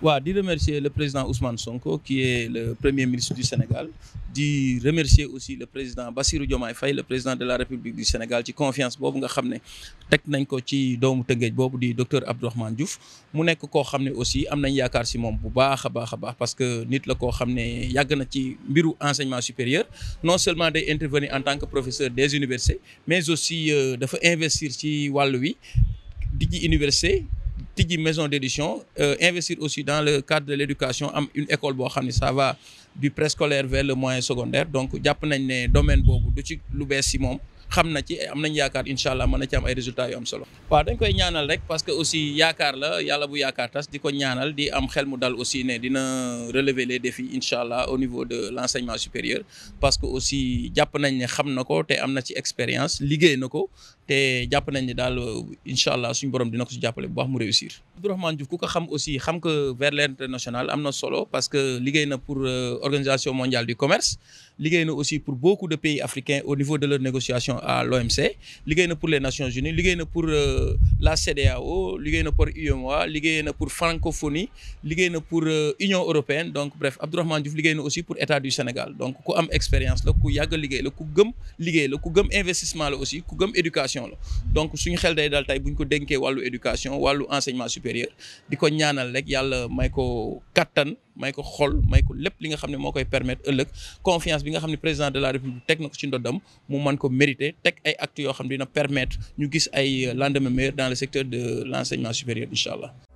Oui, di remercier le président Ousmane Sonko qui est le premier ministre du Sénégal di remercier aussi le président Bassirou Diomaye Faye le président de la République du Sénégal ci confiance pour nga xam Tek nañ ko ci doomu teugej di docteur Abdourahmane Diouf mu nek ko xamné aussi am nañ yaakaar ci mom bu baakha baakha baax parce que nit la ko xamné yag na ci mbiru enseignement supérieur non seulement day intervenir en tant que professeur des universités mais aussi euh, dafa investir ci walu wi di université tijji maison d'édition euh, investir aussi dans le cadre de l'éducation am une école boo ça va du préscolaire vers le moyen secondaire donc jàpp nañ domaine boobu du ci lu bees si moom xam na ci am nañ yaakaar incha résultats solo waaw dañ koy ñaanal rek parce que aussi yakar la yala bu yakar, tas dit ko ñaanal di am xel aussi né, dina relever les défis inshallah au niveau de l'enseignement supérieur parce que aussi jàpp nañ ne xam na ko ci expérience na té japp nañ ni dal inshallah suñu borom dina ko si bu baax mu réussir. Abdourahmane Diouf ku ko xam aussi xam que vers l'international amna solo parce que liggéey na pour euh, organisation mondiale du commerce liggéey na aussi pour beaucoup de pays africains au niveau de leur négociation à l'OMC liggéey na pour les Nations Unies liggéey na pour euh, la CEDEAO liggéey na pour UEMOA liggéey na pour francophonie liggéey na pour euh, Union européenne donc bref Abdourahmane Diouf liggéey na aussi pour État du Sénégal donc ku am expérience la ku yag liggéey la ku gëm liggéey la ku gëm investissement la aussi ku gëm éducation éducation la donc suñu xel day dal tey bu ñu ko dénkee wàllu éducation wàllu enseignement supérieur di ko ñaanal rek yàlla may ko kattan may ko xol may ko lépp li nga xam ne koy permettre ëllëg confiance bi nga xam président de la république teg na ko ci ndoddam mu mën ko mériter teg ay actes yoo xam ne permettre ñu gis ay euh, lendemain meilleur dans le secteur de l'enseignement supérieur incha